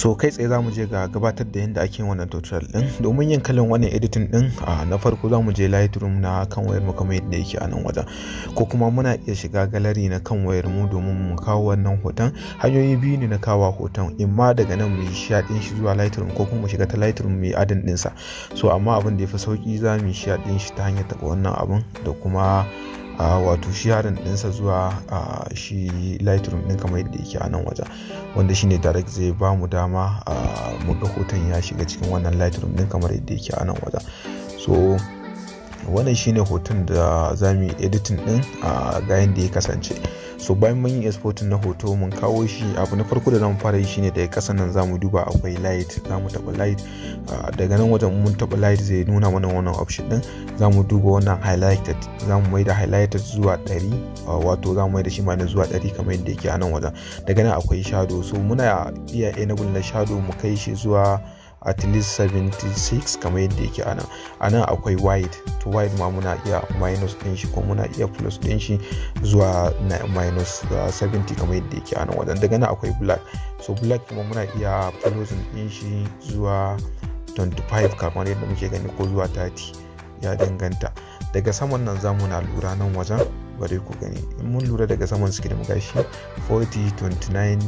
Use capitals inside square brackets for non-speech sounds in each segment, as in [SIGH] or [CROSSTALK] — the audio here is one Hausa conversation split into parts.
so kai tsaye zamu je ga gabatar da yadda ake wannan tutorial din domin yin kalan wannan editing din na farko zamu je lightroom na kan wayar mu kamar yadda yake a nan wajen ko kuma muna iya shiga gallery na kan wayar mu domin mu kawo wannan hoton hanyoyi biyu ne na kawo hoton imma daga nan mu yi din shi zuwa lightroom ko kuma mu shiga ta lightroom mu yi adin sa so amma abin da ya fi sauki za mu din shaɗin shi ta hanyar ta wannan abin da kuma a wato sharing ɗinsa zuwa a shi lightroom ɗin kamar yadda yake a nan wajen wanda shine direct zai ba mu dama a ga hoton ya shiga cikin wannan lightroom ɗin kamar yadda yake a nan wajen so wannan shine hoton da za mu yi editing ɗin a ga yadda ya kasance so bayan mun yi exporting na hoto mun kawo shi abu na farko da zamu fara yi shine daga kasan nan zamu duba akwai light zamu taba light daga nan wajen mun taba light zai nuna mana wannan option din zamu duba wannan highlighted zamu mai da highlighted zuwa 100 wato zamu mai da shi mana zuwa 100 kamar yadda yake a nan wajen daga nan akwai shadow so muna iya enable na shadow mu kai shi zuwa at least 76 kamar yadda yake a nan a nan akwai white to wide ma muna iya minus din shi ko muna iya plus din shi zuwa minus 70 uh, kamar yadda yake a nan wajen daga nan akwai black so black kuma muna iya plus din shi zuwa 25 kamar yadda muke gani ko zuwa 30 ya danganta daga saman nan zamu na lura nan wajen bari ku gani in mun lura daga saman suke da gashi 40 29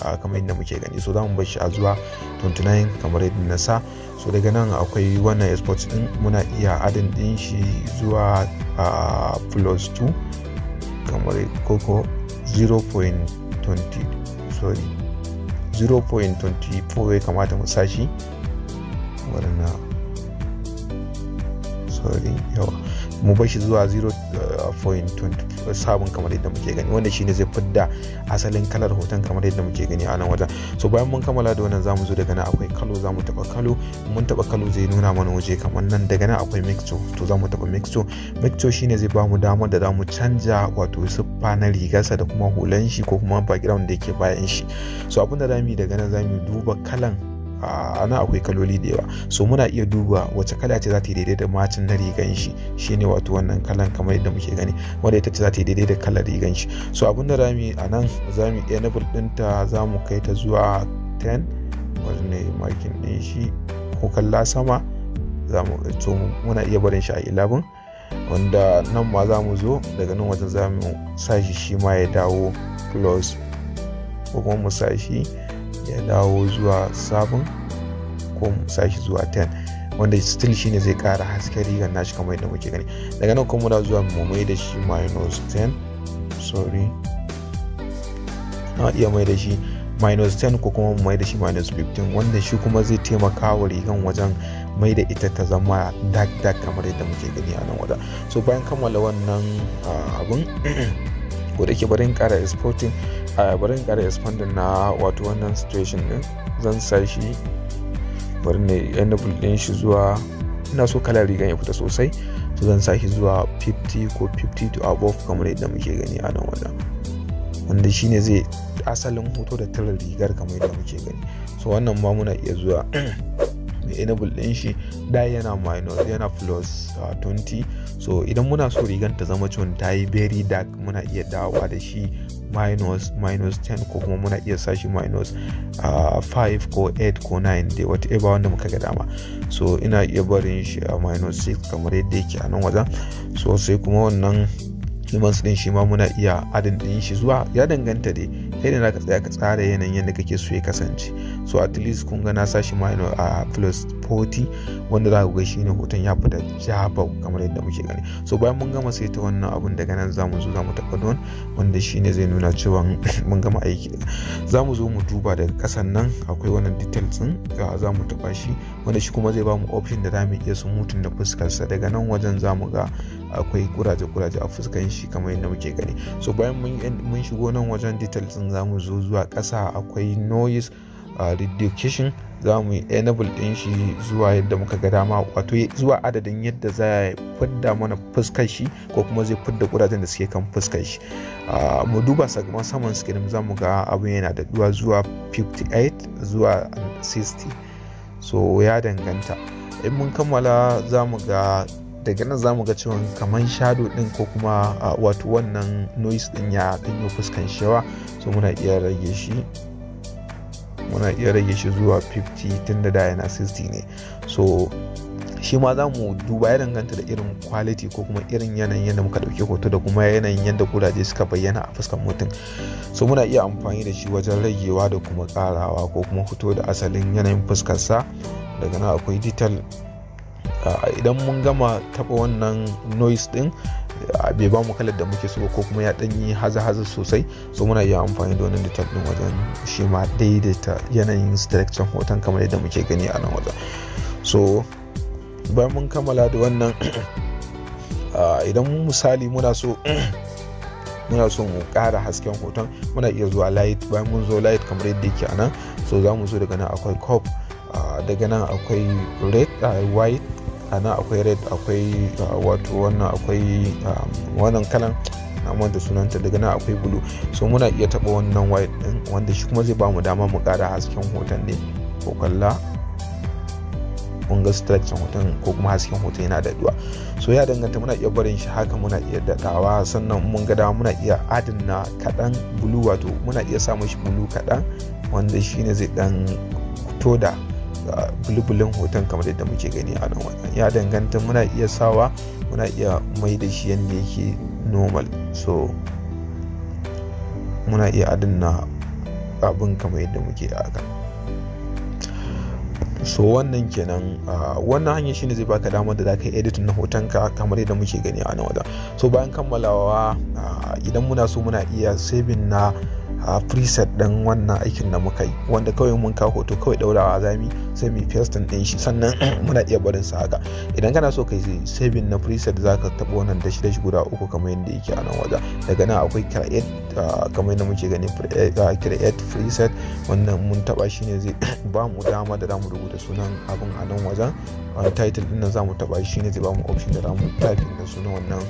kamar yadda muke gani so za mu bar shi a zuwa 29 kamar yadda na sa so daga nan akwai wannan esports din muna iya adin din shi zuwa plus 2 kamar koko 0.20 sorry 0.24 ya kamata mu sa shi sorry yawa mu bashi zuwa 0.20 uh, uh, sabon kamar yadda muke gani wanda shine zai fidda asalin kalar hoton kamar yadda muke gani a nan wajen so bayan mun kammala da wannan zamu zo daga nan akwai kalo zamu taba kalo mun taba kalo zai nuna mana waje kamar nan daga nan akwai mixture to zamu taba mixture mixture shine zai bamu damar da zamu canja wato siffa na rigarsa da kuma hulan shi ko kuma background da yake bayan shi so abinda zamu yi daga nan zamu duba kalan a nan akwai kaloli da yawa so muna iya duba wace kala ce za ta yi daidai da macin na rigan shi shine wato wannan kalan kamar yadda muke gani wanda ita ce za ta yi daidai da kalar rigan shi so abin da rami a nan za mu iya enable ɗinta za mu kai ta zuwa 10 wani makin ɗin shi ko kalla sama za mu muna iya barin shi a 11 wanda nan ma za mu zo daga nan wajen za mu sa shi shi ma ya dawo plus ko kuma mu sa ya dawo zuwa 7 ko sashi zuwa 10 wanda still shine zai kara hasken rigar nashi kamar yadda muke gani daga nan kuma da zuwa mai da shi minus 10 sorry na iya mai da shi minus 10 ko kuma mai da shi minus 15 wanda shi kuma zai taimaka wa rigan wajen mai da ita ta zama dark dark kamar yadda muke gani a nan wada so bayan kammala wannan ah, abun [CLEARS THROAT] ko da ke barin kara sporting a bari in kara expanding na wato wannan situation din zan sa shi bari na enable din shi zuwa ina so kalar rigan ya fita sosai to zan sa shi zuwa 50 ko 50 to above kamar yadda muke gani a nan wannan wanda shine zai asalin hoto da tarar rigar kamar yadda muke gani so wannan ba muna iya zuwa enable din shi da yana minus yana plus 20 uh, so idan muna so rigan ta zama cewa ta yi very dark muna iya dawowa da shi minus minus 10 ko kuma muna iya sashi minus uh, 5 ko 8 ko 9 dai whatever wanda muka ga dama so ina iya barin shi a minus 6 kamar yadda yake a nan wajen so sai kuma wannan su din shi ma muna iya adin din shi zuwa ya danganta dai kai ne ka tsaya ka tsara yanayin yadda kake so ya kasance so at least kun ga na sashi yana a plus 40 wanda za ku ga shine hoton ya fita jaba kamar yadda muke gani so bayan mun gama sai ta wannan abun daga nan zamu zo zamu taɓa don wanda shine zai nuna cewa [LAUGHS] mun gama aiki zamu zo mu duba daga kasan nan akwai wannan details din za mu taɓa shi wanda shi kuma zai ba mu option da za mu iya mutun da fuskarsa daga nan wajen za mu ga akwai kuraje-kuraje a fuskar shi kamar yadda muke gani so bayan mun shigo nan wajen details din za mu zo zuwa kasa akwai noise a kishin za mu yi enable din shi zuwa yadda muka ga dama wato zuwa adadin yadda za ya fidda mana fuskar shi ko kuma zai fidda kudaden da suke kan fuskar shi mu duba sagaman saman screen za mu ga abin yana daɗuwa zuwa 58 zuwa 60 so ya danganta in mun kammala za mu ga daga nan za mu ga cewa kamar shadow din ko kuma wato wannan noise din ya ɗanyo fuskan shewa so muna iya rage shi muna iya rage shi zuwa 50 tun da da yana 60 ne so shi ma za mu duba ya danganta da irin kwaliti ko kuma irin yanayin yadda muka ɗauki hoto da kuma yanayin yadda kuraje suka bayyana a fuskan mutum so muna iya amfani da shi wajen ragewa da kuma karawa ko kuma fito da asalin yanayin fuskarsa daga nan akwai detail ah, idan mun gama taɓa wannan noise din bai ba mu kalar da muke so ko kuma ya ɗanyi haza-haza sosai so muna iya amfani da wannan detail din wajen shi ma daidaita yanayin structure hoton kamar yadda muke gani a nan wajen so bayan mun kammala da wannan [CLEARS THROAT] ah, idan misali muna so [CLEARS THROAT] muna so mu kara hasken hoton muna iya zuwa light bayan mun zo light kamar yadda yake a nan so za mu zo daga nan akwai cop ah, daga nan akwai red ah, white Ana akwai red akwai ah, wato wannan akwai ah, wannan kalan na wanda sunanta daga nan akwai bulu so muna iya taba wannan white din wanda shi kuma zai ba mu dama mu kara hasken hoton ne ko kalla ga stretch hoton ko kuma hasken hoton yana da duwa so ya danganta muna iya barin shi haka muna iya daɗawa sannan mun ga dama muna iya adana kaɗan bulu wato muna iya sa shi bulu kaɗan wanda shine zai ɗan fito da bulbulin hoton kamar yadda muke gani a nan wannan ya danganta muna iya sawa muna iya mai da shi yadda yake normal so muna iya adana abin kamar yadda muke a kan so wannan kenan wannan hanyar shine zai baka damar da zaka edit na hotonka kamar yadda muke gani a nan wannan so bayan kammalawa idan muna so muna iya saving na a preset ɗin wannan aikin da muka yi wanda kawai mun kawo hoto kawai a zami sai mai pasting ɗin shi sannan [CLEARS THROAT] muna iya barin sa haka idan kana so kai saving na preset ka taɓa wannan da shi guda uku kamar yadda yake a nan waje daga nan akwai create kamar yadda muke gani eh, create preset wannan mun taɓa shi ne zai [CLEARS THROAT] ba mu dama da zamu rubuta sunan abin a nan wajen title ɗin nan zamu taɓa shi ne zai ba mu option da zamu typing da sunan wannan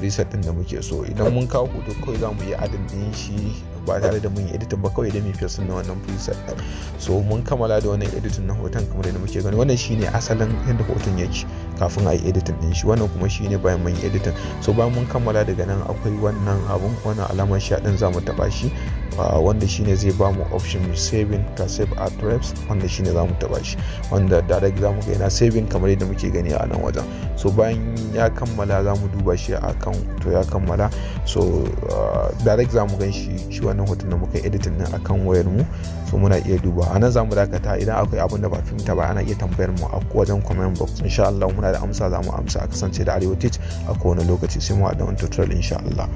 preset ɗin da muke so idan mun kawo hoto kawai za mu iya adadin shi ba tare da mun yi editin ba kawai da mai fiye na wannan preset ɗin so mun kammala da wannan editin na hoton kamar da muke gani wannan shine asalin yadda hoton yake kafin a yi editin din shi wannan kuma shine bayan mun yi editin so bayan mun kammala daga nan akwai wannan abun wannan alamar sha ɗin za taɓa shi Ah, wanda shine zai ba mu option saving ka save at reps wanda shine za mu taba shi wanda direct za mu ga yana saving kamar yadda muke gani a nan wajen so bayan ya kammala za mu duba shi a kan to ya kammala so ah, direct za mu gan shi wannan hoton da muka editing din akan wayar mu so muna iya duba a nan za mu dakata idan akwai abin da ba fimta ba ana iya tambayar mu a wajen comment box insha Allah muna da amsa za mu amsa a kasance da arewa a kowane lokaci sai mu haɗa wani tutorial insha Allah